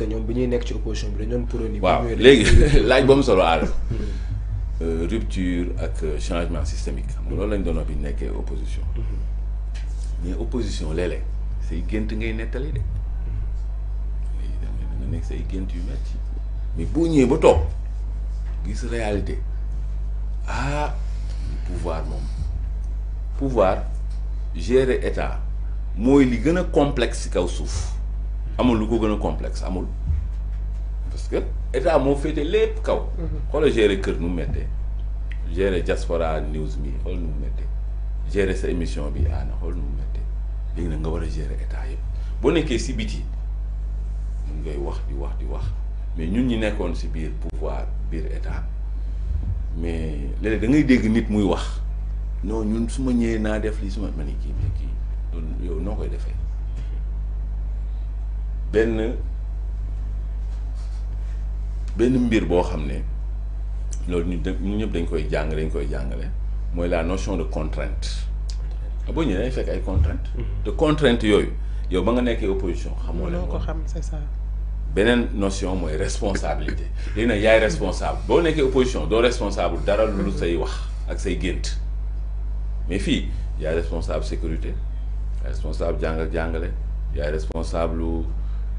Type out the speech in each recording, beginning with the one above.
que ñom bi ñuy rupture euh, changement systémique xam loolu bi opposition. Mhm. mais opposition lélé c'est ngay mais pour nous, ba réalité ah pouvoir pouvoir gérer état moy li y complexe kaw amul lu ko gën complexe amul parce que état mo fété lépp kaw. Mhm. xol gérer cœur nu metté géré diaspora news bi xol nu metté géré sa émission bi ana ah, xol nu metté méttee na nga war géré état yëpp bo nekkee ci biti ngay wax di wax di wax mais ñun ñi nekkoon ci biir pouvoir biir état mais léeg da ngay dégg nit muy wax non ñun suma ma na def li suma ma ma ne mais kii yow noo koy defee. Ben, ben mbir bo xamné ne loolu ñu ñu ñëpp dañ koy jàng dañ koy jàngalé moy la notion de contrainte a ñu ñëwee dañ fekk ay mm-hmm. contrainte de contrainte yoy. yow ba nga nekkee opposition xamoo leen ko xam c'est ça beneen notion moy responsabilité dina nag yaay responsable bo nekkee opposition do responsable dara lu say wax ak say gént mais fi yaay responsable sécurité responsable jàngal jàngalé yaay responsable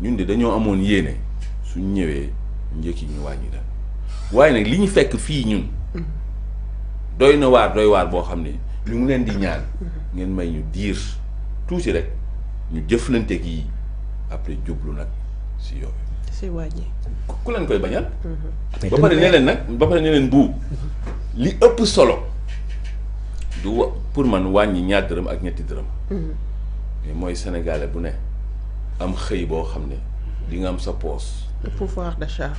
ñun de dañoo amoon yéene suñ ñëwee njëkk yi ñu wàññi la waaye nag li ñu fekk fii ñun doy na waar doy waar boo xam ne ñu ngi leen di ñaan ngeen may ñu diir tuuti rek ñu jëflante gi après jublu nag si yooyu. wàññi. ku leen koy bañal. Mhm. ba pare ne leen nag ba pare ne leen bu li ëpp solo du pour man wàññi ñaar dërëm ak ñetti dërëm. Mhm. mooy sénégalais bu ne. am xey bo xamné ne di nga am sa le pouvoir d'achat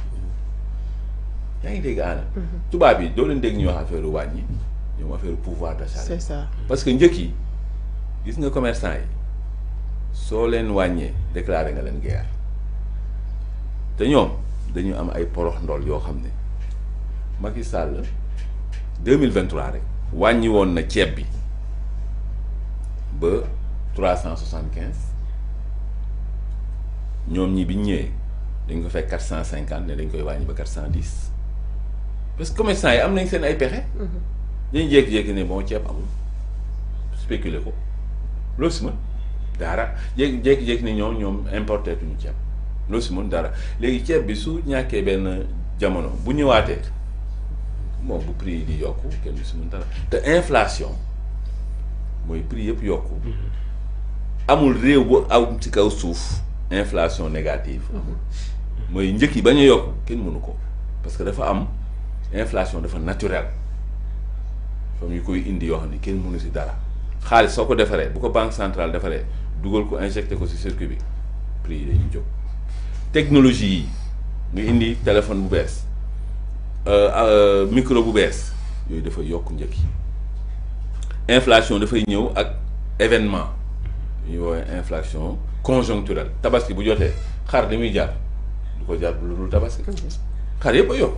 ya ngi dégg aana mhm. tubaab yi doo leen dégg ñuy wax affaire wàññi ñoom affaire pouvoir d'achat c'est ça parce que ñeuk yi gis nga commerçant yi so len wañé déclaré nga len guerre te ñom dañu am ay porox ndol yo xamné ne Macky Sall 2023 rek wañi won na ceeb bi ba 375 ñom ñi bi 450 et dañ ko fait 450 dañ koy ba 410. parce que commerçants yi am nañ seen ay pexe. Mhm. dañ jékki-jékki ne bon ciép amul spéculer ko loo si dara ne importer tuñu ciép dara légui ciép bi su ñaké Les jamono bu bu prix di yokku kenn dara té inflation moy prix yëpp yokku mhm. amul bu ci kaw inflation négative mooy njëkk yi bañ a yokk kenn mënu ko parce que dafa am inflation dafa naturel fam ñu koy indi yoo xam ne kenn mënu si dara xaalis soo ko bu ko banque centrale defaree dugal ko injecté ko si circuit bi prix yi dañuy technologie yi nga indi téléphone bu bees euh, euh, micro bu bees yooyu dafay yokk njëkk inflation dafay ñëw ak événement ñuy inflation conjoncturel. Tabaski bu joté xar limi jaar duko jaar bu lul tabaski kan xar yepp yo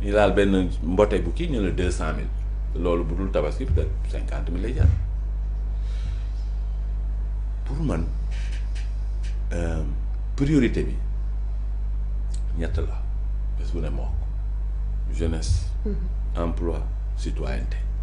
ni dal ben mboté bu ki ñu le 200000 lolu bu dul tabaski peut-être 50000 lay jaar pour man euh priorité bi ñett la bes bu ne mok jeunesse mm-hmm. emploi citoyenneté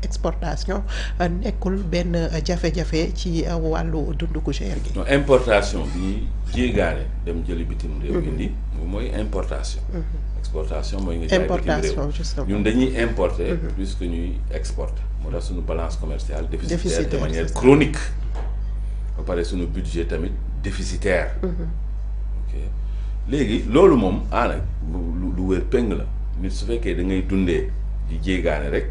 exportation euh, nekul ben euh, jafé jafé ci euh, walu dundu gu cher gi. importation bi jéegaale dem jëli bitim réew mhm. indi moy importation. Mhm. exportation moy nga importation, ñun dañuy importer mhm. plus que ñuy exporter moo tax suñu balance commerciale déficitaire de manière chronique on pare suñu budget tamit déficitaire ok léegi mom moom ah, lu wér peng la nit su fekkee da ngay dundé di djégané rek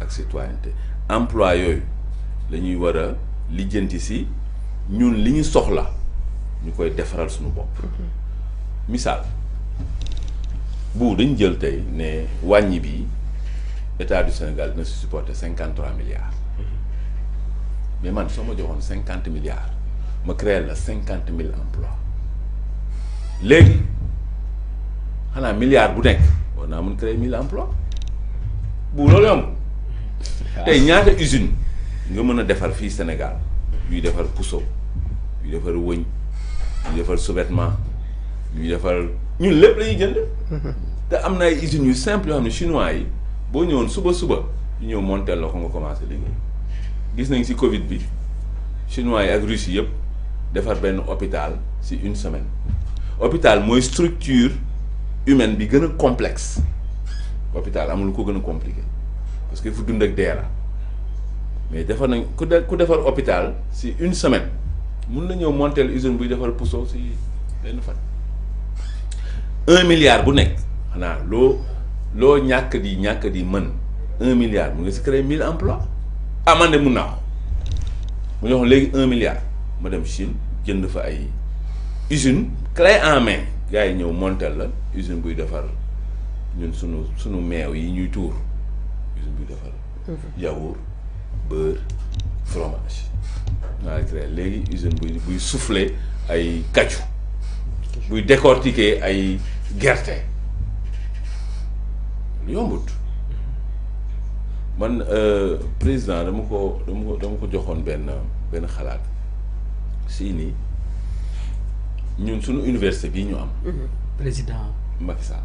ak citoyenneté employeur lañuy wara lidjenti ci ñun liñu soxla ñukoy défaral suñu bop mhm. misal bu dañ jël tay né wañi bi état du sénégal ne supporter 53 milliards mhm. mais man sama joxone 50 milliards ma créer la 50 000 emplois légui xana milliard bu nek on a mën créer 1000 emplois bu lolou ah. tey ñaata usine nga mën a defar fii Sénégal yuy defar puso yuy defar wëñ yuy defar sous-vêtement yuy defar ñun lépp lañuy jënd te am na ay usine yu simple yoo xam ne chinois yi boo ñëwoon suba suba ñu ñëw monter la ko nga commencé liggéey gis nañ ci Covid bi chinois yi ak russe yëpp defar benn hôpital ci une semaine hôpital mooy structure humaine bi gën a complexe hôpital amul ko gën a compliqué parce que fu dund ak déra mais défar nañ ku défar hôpital si une semaine mun na ñeu monter usine buy defar puso si ben fat 1 milliard bu nek xanaa lo lo ñak di ñak di mën 1 milliard mu ngi si créer 1000 emplois amandé ah, man na mun naa ko mu jox léegi un milliard ma dem Chine jënd fa ay usine clé en main gars yi ñëw monteel la usine bu défar ñun suñu suñu meew yi ñuy tour bisu bi defar mhm. yaourt beurre fromage léegi usine buy buy souffler ay kaju buy décortiquer ay gerte yombut man euh, président dama ko dama ko dama ko joxoon benn benn xalaat si ni ñun sunu université bii ñu am mhm. président Macky Sall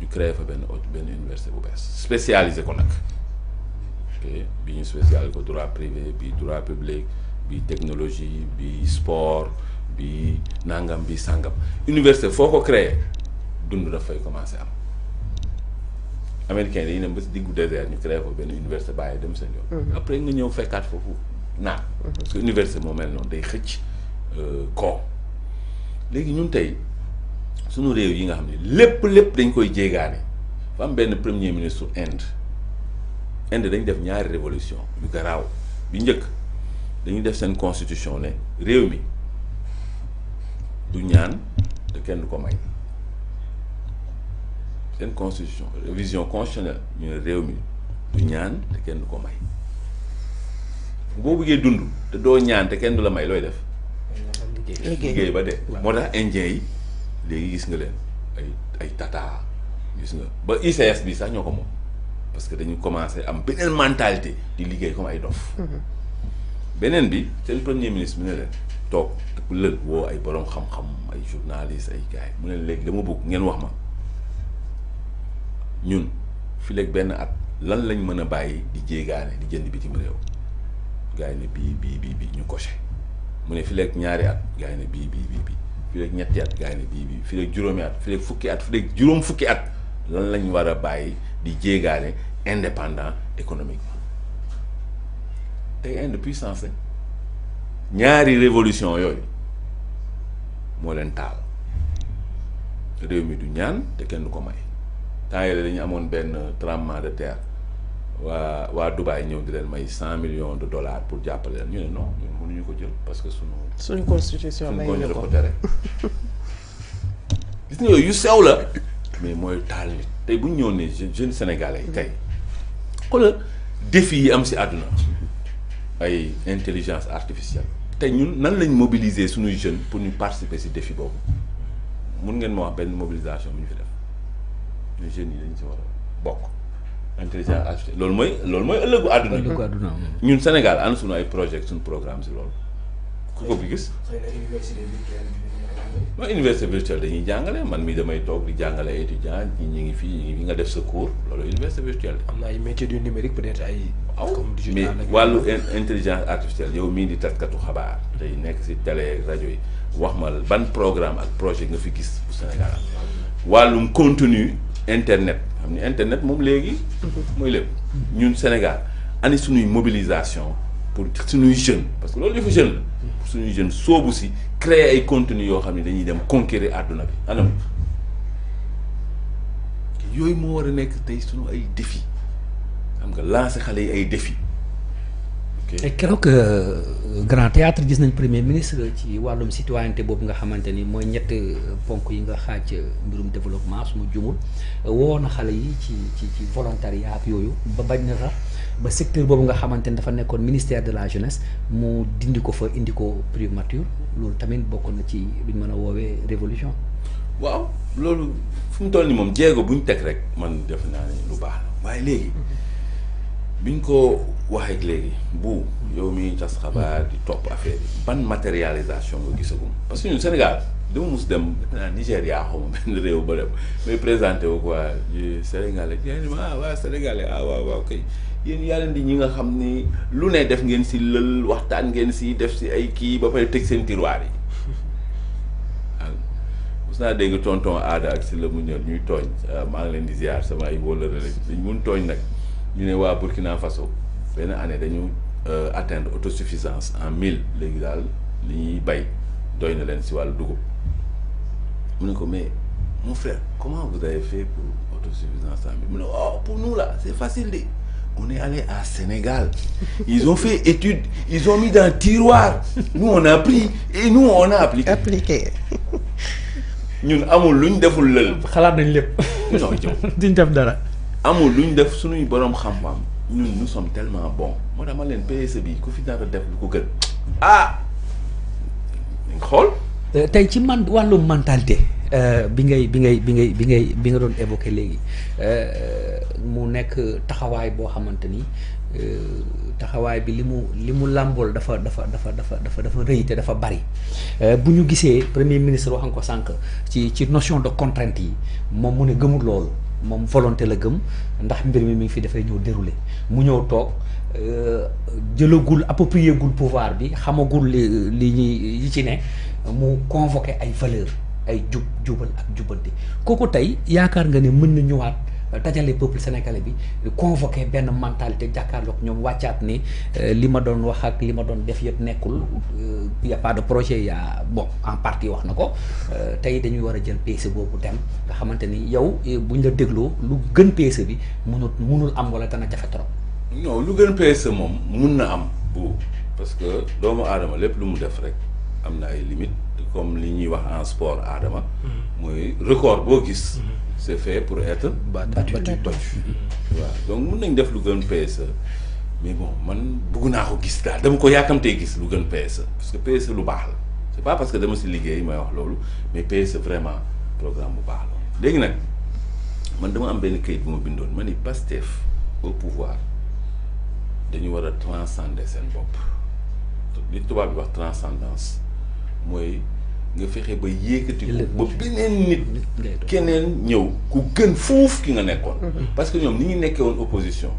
ñu créé fa benn benn université bu bees spécialisé ko nag ok bi ñu spécialisé ko droit privé bi droit public bi technologie bi sport bi nangam bi sangam université foo ko créé dund daf fay commencé am américain yi dañuy dem ba si diggu désert ñu créé fa benn université bàyyi dem seen yoon. Mhm. après nga ñëw fekkaat foofu naat. Mhm. parce que université moo mel noonu day xëcc euh, koo léegi ñun tey. suñu réew yi nga xam ne lépp lépp dañ koy jéegaane fa am benn premier ministre Inde Inde dañ def ñaari révolution yu garaaw bi njëkk dañuy def seen constitution ne réew mi du ñaan te kenn du ko may seen constitution révision constitutionnelle ñu réew mi ñaan kenn du ko boo bëggee dund te doo ñaan te kenn du la may looy def liggéey ba dee moo tax indien yi léegi gis nga leen ay ay tata gis nga ba ICS bi sax ñoo ko moom parce que dañu commencé am beneen mentalité di liggéey comme ay dof mm-hmm. beneen bi seen premier ministre bi ne leen toog ak lël woo ay boroom xam-xam ay journaliste ay gars mu ne léegi dama bëgg ngeen wax ma ñun fii benn at lan lañ mën a bàyyi di jéegaane di jënd bitim réew gars yi ne bii bii bii ñu coché mu ne fii léegi ñaari at gaa yi ne bii bii bii fii ñetti at gaa ngi bii bii fii juróomi at fii fukki at fii juróom fukki at lan lañ war a bàyyi di jéegaale indépendant économique tey inde puissance lañ ñaari révolution yooyu moo leen taal réew mi du ñaan te kenn du ko may temps dañu amoon benn tremblement de terre wa waa Dubaay ñëw di len may 100 millions de dollars pour jàppale leen ñu ne non ñun mënuñu ko jël parce que suñu. suñu constitution may ñu ko tere gis nga yu sew la mais moy tal nit tey bu ñu ñëw ne jeune sénégalais tay xol défi yi am ci aduna ay intelligence artificielle tay ñun nan lañ mobiliser suñu jeunes pour ñu participer ci défi bobu mun ngeen mo wax ben mobilisation bu fi def les jeunes yi dañ ci war bokk. intelligence artificielle loolu mooy loolu mooy ëllëgu àdduna ëllëgu àdduna ñun Sénégal am suñu ay project suñu programme si loolu ku ko fi gis ma université virtuelle dañuy jàngale man mii damay toog di jàngale ay étudiants ñi ngi fi, ñu ngi nga def sa cours loolu université virtuelle am na ay métiers du numérique peut-être ay comme mais wàllu intelligence artificielle yow mii di taskatu xabaar tey nekk si télé rajo yi wax ma ban programme ak projet nga fi gis bu Sénégal am contenu internet ni internet mom léegi. mooy lepp ñun Sénégal ani suñu mobilisation pour suñu jeunes parce que loolu yëfu jeune la. pour suñuy jeunes soobu ci créer ay contenu yo xamni dañuy dem conquérir aduna bi anam. yoy mo wara a nekk tey suñu ay défi xam nga lancer xalé ay défi et te que euh, grand théâtre gis nañ premier ministre ci walum citoyenneté bobu nga xamanteni moy ñett euh, ponk yi nga xaaj euh, mbirum développement suma jumul woo na xale yi ci ci ci volontariat ak yooyu ba bañ na sax ba secteur bobu nga xamanteni dafa nekkon ministère de la jeunesse mu dindi ko fa indi ko primature loolu tamen bokk na ci buñ mëna wowe révolution waaw loolu fu mu toll ni mom jéego buñ tek rek man def naa ne lu baax la waaye léegi mm-hmm. biñ ko waxee léegi bu yow mi tas xabaar di topp affaire yi ban matérialisation nga gisagum parce que ñun Sénégal dama mus dem naa Nigéria xaw benn réew ba dem mais présenté wu quoi Sénégalais yéen ah waa Sénégalais ah, kay yéen di ñi nga xam ni lu ne def ngeen si lël waxtaan ngeen si def si ay kii ba pare teg seen tiroir yi waaw naa dégg tonton aada ak si la mu ñor ñuy tooñ ah, maa ngi leen di ziar sama ay wóllare lañ mun tooñ nag. Nous sommes wa Burkina Faso nous année dañu euh, atteindre autosuffisance en mille légales nous li bay doyna len ci walu dugub mon frère comment vous avez fait pour autosuffisance en mille oh pour nous là c'est facile de on est allé à Sénégal ils ont fait études, ils ont mis dans tiroir nous on a pris et nous on a appliqué. appliqué. Nous amul luñ deful foules. Nous avons lépp. non duñ nous sommes tellement bons Madame je leen fi dara def ko gën ah euh, ci man mentalité euh, bi ngay bi ngay bi ngay bi ngay bi nga évoquer évoqué euh, suis mu nekk taxaway bo xamanteni bi dafa dafa dafa dafa dafa dafa bari premier ministre wax ci ci notion de contrainte yi mom mu ne moom volonté la gëm ndax mbir mi mi ngi fi dafay ñëw déroulé mu ñëw toog euh, jëlagul approprié gul pouvoir bi xamagul li li ñuy yi ci ne mu convoqué ay valeur ay jub jubal ak jubal jubbanti kooku tey yaakaar nga ne mën na ñëwaat. dajale euh, peuple sénégalais bi euh, convoqué ben mentalité jàkkaarloog ñom waccat ni euh, lima don wax ak lima don def def nekul il y a pas de projet y a bon en partie wax nako tay dañuy wara jël PC boobu dem nga xamanteni yow buñ la dégloo lu gën PC bi mënul mënul am wala dana jafé trop. non lu gën PC mom mun na am bu parce que doomu adama lepp lu mu def rek amna ay limites comme li ñuy wax en sport adama moy mm-hmm. record bo gis. Mm-hmm c'est fait pour être battu battu waaw donc mun nañ def lu gën PSE mais bon man bëgg naa ko gis daal dama ko yaakamtee gis lu gën PSE parce que PSE lu baax la c'est pas parce que dama si liggéey may wax loolu mais PSE vraiment programme bu baax la léegi nag man dama am benn kayit bu ma bindoon ma ni Pastef au pouvoir dañu war a transcender seen bopp li tubaab bi wax transcendance mooy nga fexé ba yéekati ko ba benen nit kenen ñew ku gën fouf ki nga nekkoon mm-hmm. parce que ñom ni ñi nekkee won opposition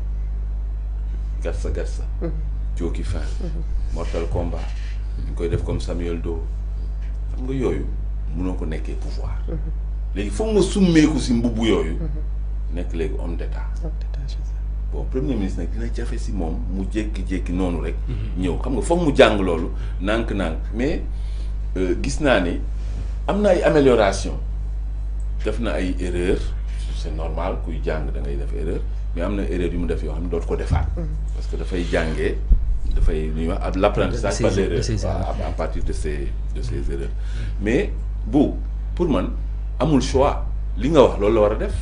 Garça Garça mm-hmm. Jooki Fall mm-hmm. Mortal combat. ñu koy def comme Samuel Doe xam nga yoyu mëno ko nekkee pouvoir léegi foog nga ko ci mbubu yoyu nekk légui homme d'état bon premier ministre nak dina jafé si mom mu jékki-jékki nonu rek ñew xam nga fo mu jang lolu nank nank mais euh, gis naa ni am na ay amélioration def na ay erreur c'est normal kuy jàng da ngay def erreur mais am na erreur yu mu def yoo xam ne dootu ko defaat. Mm-hmm. parce que dafay jàngee dafay lu ñuy wax ab l'apprentissage par l'erreur à partir de ces de ces mm-hmm. erreurs mais bu pour man amul choix li nga wax loolu la war a def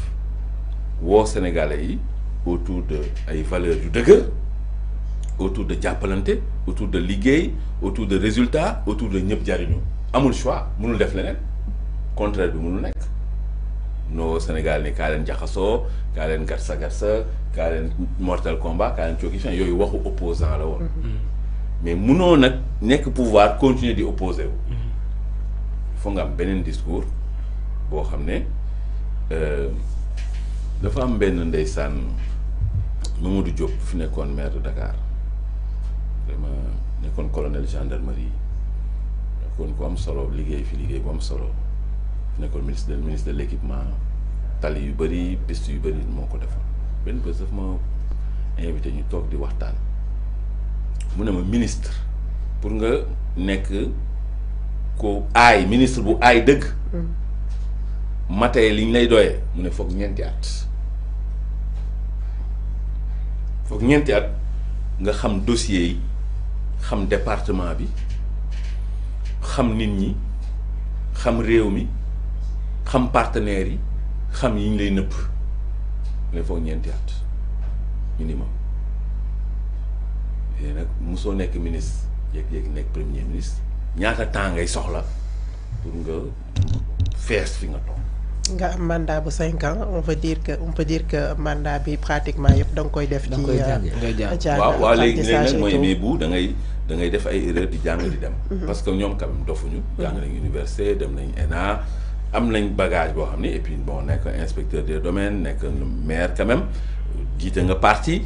woo sénégalais yi autour de ay valeurs yu dëgër autour de diapalanté, autour de liguey, autour de résultats, autour de ñëpp jariñu amul choix mënul def lenen. contraire bi mënul nek. no Sénégal ni ka leen jaxasoo ka leen garsa garsa ka leen mortel combat ka leen cooki fin yooyu waxu opposant la woon mm-hmm. mais mëno nak que pouvoir continuer di opposer. Mm-hmm. faut nga benen discours bo xamné euh dafa am benn ndeysaan Mamadou Diop fi nekkoon maire de Dakar vraiment nekkoon colonel gendarmerie nekkoon ko am solo liggéey fi liggéey bu am solo nekkoon ministre de ministre de l'équipement tali yu bëri piste yu bëri moo ko defar benn bés daf ma invité ñu toog di waxtaan mu ne ma ministre pour nga nekk ko aay ministre bu aay dëgg mm. matee li ñu lay doyee mu ne foog ñeenti at foog ñeenti at nga xam dossier yi xam département bi xam nit ñi xam réew mi xam partenaires yi xam yiñ lay nëpp nga foog ñeenti at minimum léegi nag mosoo nekk ministre yéeg-yéeg nekk premier ministre ñaata temps ngay soxla pour nga fees fi nga toog nga am mandat bu cinq ans on peut dire que on peut dire que mandat bi pratiquement yëpp dang koy def. ci euh, waaw waaw légui nag moy mais bu da ngay da ngay def ay erreur di jàng di dem. Mhm. parce que ñoom quand même dofuñu. jàng nañ université dem nañ ENA am nañ bagage boo xam et puis bon nekk inspecteur des domaines nekk maire quand même jiite nga parti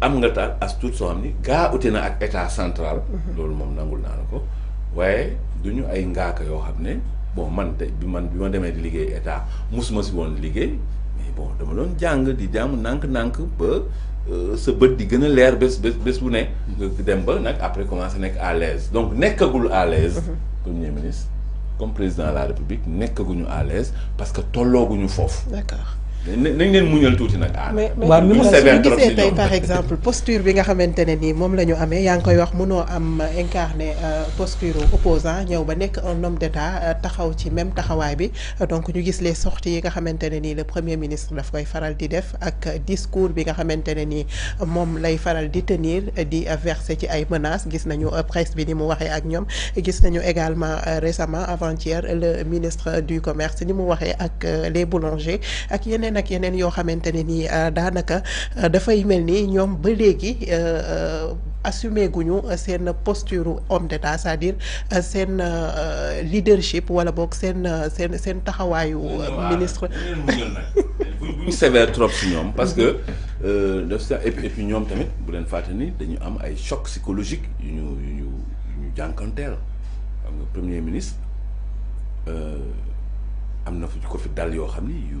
am nga taal as tuut soo xam ni gaa ute na ak état central. Mhm. loolu moom nangul naa la ko waaye du ay ngaaka yoo xam ne bon man suis bi man bi ma je di liggéey état musuma mais bon dama don jang di jàng nank ba ce euh, bët di gëna a leer bés bu né dem ba à l'aise donc nekkagul à l'aise mhm. premier ministre comme président de la république nekkaguñu à l'aise parce que tollooguñu foofu d'accord ah, par exemple posture bi nga xamante ne nii moom koy wax am incarné euh, posture opposant ñëw ba nekk un homme d'état euh, taxaw ci même taxawaay bi donc ñu gis les sorties yi nga le premier ministre daf koy faral di def ak discours bi nga xamante lay faral di tenir di verser ci ay menaces gis nañu euh, presse bi ni mu waxee ak gis nañu également récemment avant-hier le ministre du commerce ni mu ak les boulangers ak yeneen yeneen yoo xamante ne ni euh, daanaka euh, dafay mel ni ñoom ba léegi euh, assumé guñu seen posture homme d'état c'est-à-dire seen leadership wala boog seen seen seen taxawaayu ministre bu ñu sévère trop si ñoom parce que def sa et puis ñoom tamit bu leen fàtte ni dañu am ay choc psychologique yu ñu yu ñu yu ñu jànkanteel xam nga premier ministre am na fu ko fi dal yoo xam ni yu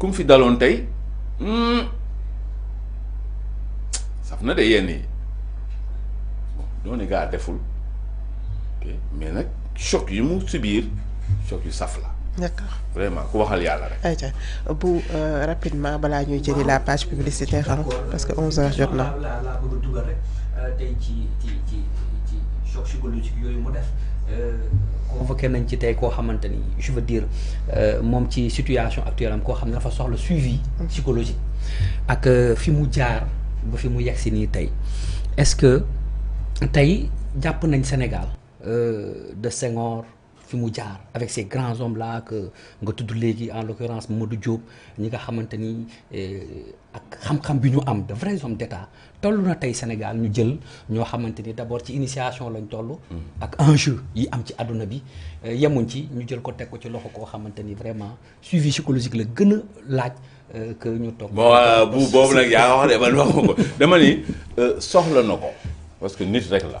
ku fi dalon tay hmm safna de yenn yi doone gaa deful mais nak choc yu mu subir choc yu safla d'accord vraiment ko waxal yalla rek. ay ayca bu euh, rapidement bala ñuy jëri la page publicitaire hein, parce que 11h jot na. Euh, tey ci ci ci ci choc psychologique yooyu mu def euh, convoqué nañ ci tey koo xamante ni je veux dire euh, moom ci situation actuelle am koo xam ne dafa soxla suivi psychologique ak fi mu jaar ba fi mu yegg si est-ce que tey jàpp nañ Sénégal de Senghor fi avec ces grands hommes là que nga tudd léegi en l'occurrence Mamadou Diop ñi nga xamante eh, ak xam-xam bi ñu am de vrais hommes d'état toll na tey Sénégal ñu jël ñoo xamante d'abord ci initiation lañ toll. Mm. ak enjeu yi am ci àdduna bi eh, yemuñ ci ñu jël ko ko ci loxo vraiment suivi psychologique le gën a laaj eh, que ñu toog. bon euh, bu boobu nag wax de man waxuma ko dama ni euh, soxla parce que nit rek la.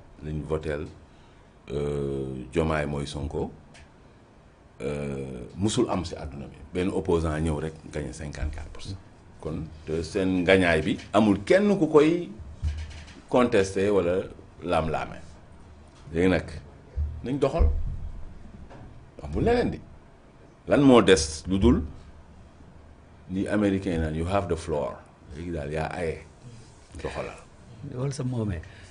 liñ voteel Jomaay euh, mooy Sonko euh, musul am si àdduna bi benn opposant ñëw rek gagné cinquante quatre pour cent kon te seen ngañaay bi amul kenn ku koy contesté wala lam laame léegi nag nañ doxal amul leneen di lan moo des lu dul ni américain naan you have the floor léegi daal yaa aye doxalal. loolu sa moomee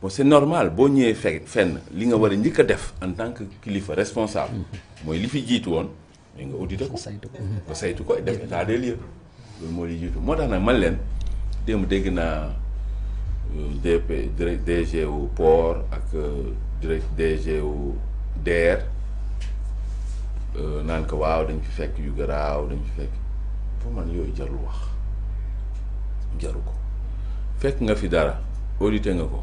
bon c'est normal boo ñëwee fe fenn li nga war a njëkk a def en tant que kilifa responsable mooy li fi jiitu woon mais nga audité ko saytu ko def état des lieux loolu moo li jiitu moo tax nag man leen démb dégg naa euh, DP DG wu port ak euh, direct DG wu DER euh, naan ko waaw dañ fi fekk yu garaaw dañ fi fekk foo man yooyu jarul wax jaru ko fekk nga fi dara audité nga ko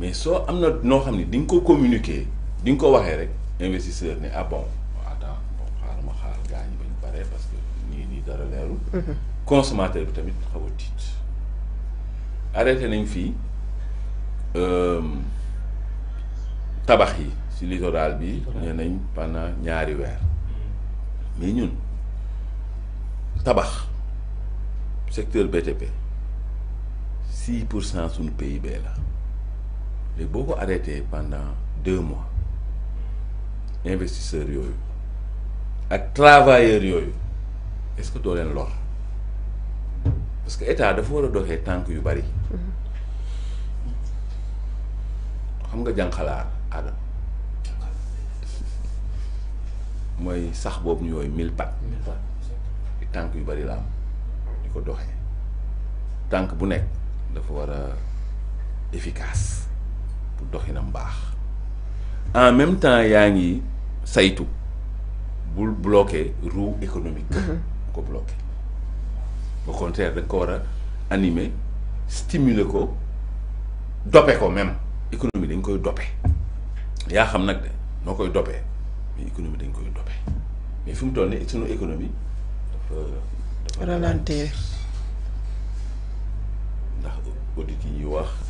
mais so am na noo xam di ko communiquer di ko waxee rek investisseur ne ah bon attends bon xaar ma xaar gars ñi bañ paree parce que nii nii dara leerul. Mhm. consommateur bi tamit xaw a tiit arrêté nañ fii euh, tabax yi ci littoral bi. nee nañ pendant ñaari weer mhm. mais ñun tabax secteur BTP 6 pour cent suñu PIB la. Les beaucoup arrêté pendant deux mois investisseurs et les travailleurs est-ce que tu as parce que état dafa war a que yu bari xam nga jànqalaar aadam sax mille pat Tant yu bari la am temps ko Tant bu dafa efficace pour doxinam en même temps yaa ngi saytu bul bloqué roue économique bu mhm. ko bloqué au contraire da nga ko war a animer stimuler ko dope ko même économie dañ koy dope yaa xam nag de noo koy dopee mais économie dañ koy dope mais fi mu toll nii sunu économie dafa dafa ralentir ndax audit yi wax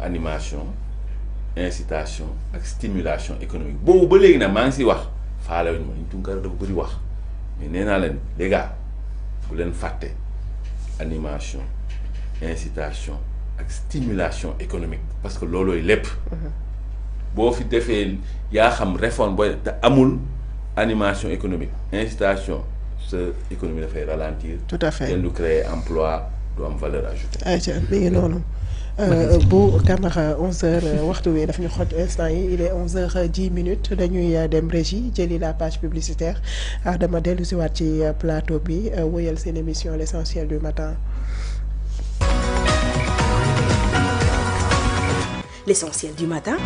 animation incitation ak stimulation économique Bon, vous voulez que maa vous siy wax faale wuñ vous vous Tunkara wax mais nee naa les gars bu leen fàtte animation incitation ak stimulation économique parce que loolooy lépp Si mm-hmm. fi avez fait une réforme vous te amul animation économique incitation l'économie économie ralentir. tout à fait kenn emploi, créer emploi nous am valeur ajoutée. ayca c'est euh, bu Camara 11h euh, euh, waxtu wi daf ñu instant yi il est 11h10 minutes dañuy dem régie jëli la page publicitaire Adama dellu si waat ci plateau bi wëyal l'essentiel du matin. L'essentiel du matin.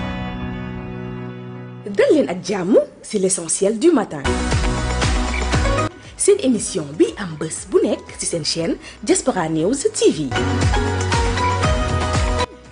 dal leen ak ci l'essentiel du matin. C'est l'émission bi am C'est bu nekk ci chaîne Diaspora News TV.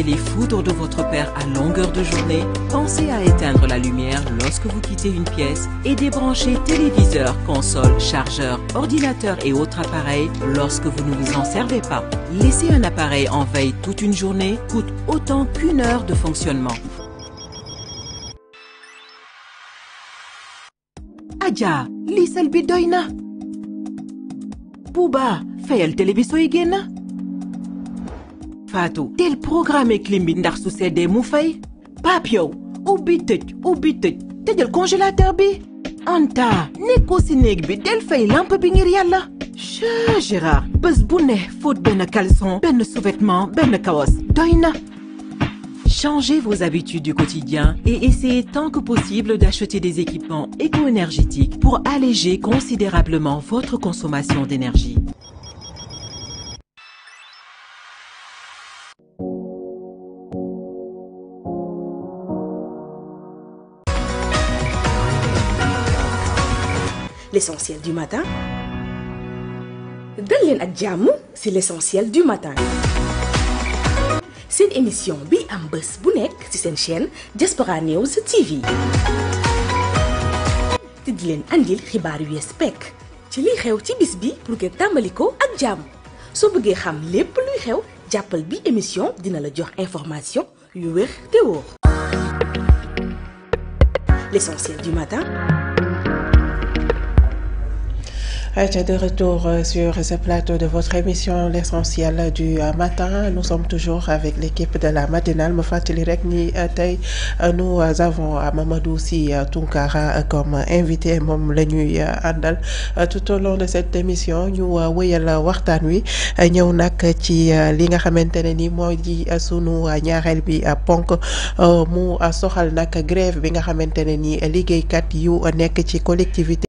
les foudres de votre père à longueur de journée, pensez à éteindre la lumière lorsque vous quittez une pièce et débranchez téléviseur, console, chargeur, ordinateur et autres appareils lorsque vous ne vous en servez pas. Laisser un appareil en veille toute une journée coûte autant qu'une heure de fonctionnement. Adja, lisse le doy Bouba, fayal Fatou tel programme climat n'a ndax su seddee mu fay pap yow ubbi tëj ubbi congélateur bi Anta nekkoo si néeg bi del fay lampe bi ngir Gérard bés bu ne faut caleçon ben sous-vêtement ben chaos. doy Changez vos habitudes du quotidien et essayez tant que possible d'acheter des équipements éco-énergétiques pour alléger considérablement votre consommation d'énergie. l'essentiel du matin dal leen c'est ci l'essentiel du matin Cette émission bi am bëss bu nekk ci sen chaîne Diaspora News TV te di leen andil xibaar yu yees ci li xew ci bis bi pour que tambaliko ak jàmm soo bëggee xam lépp luy xew jàppal bi émission dina la jox information yu wër te l'essentiel du matin Aïcha, de retour euh, sur ce plateau de votre émission L'essentiel du euh, matin. Nous sommes toujours avec l'équipe de la matinale. Euh, nous avons Mamadou Si Tunkara comme invité, Mom Andal. Tout au long de cette émission, nous avons wi ci li nga ni ponk grève collectivité.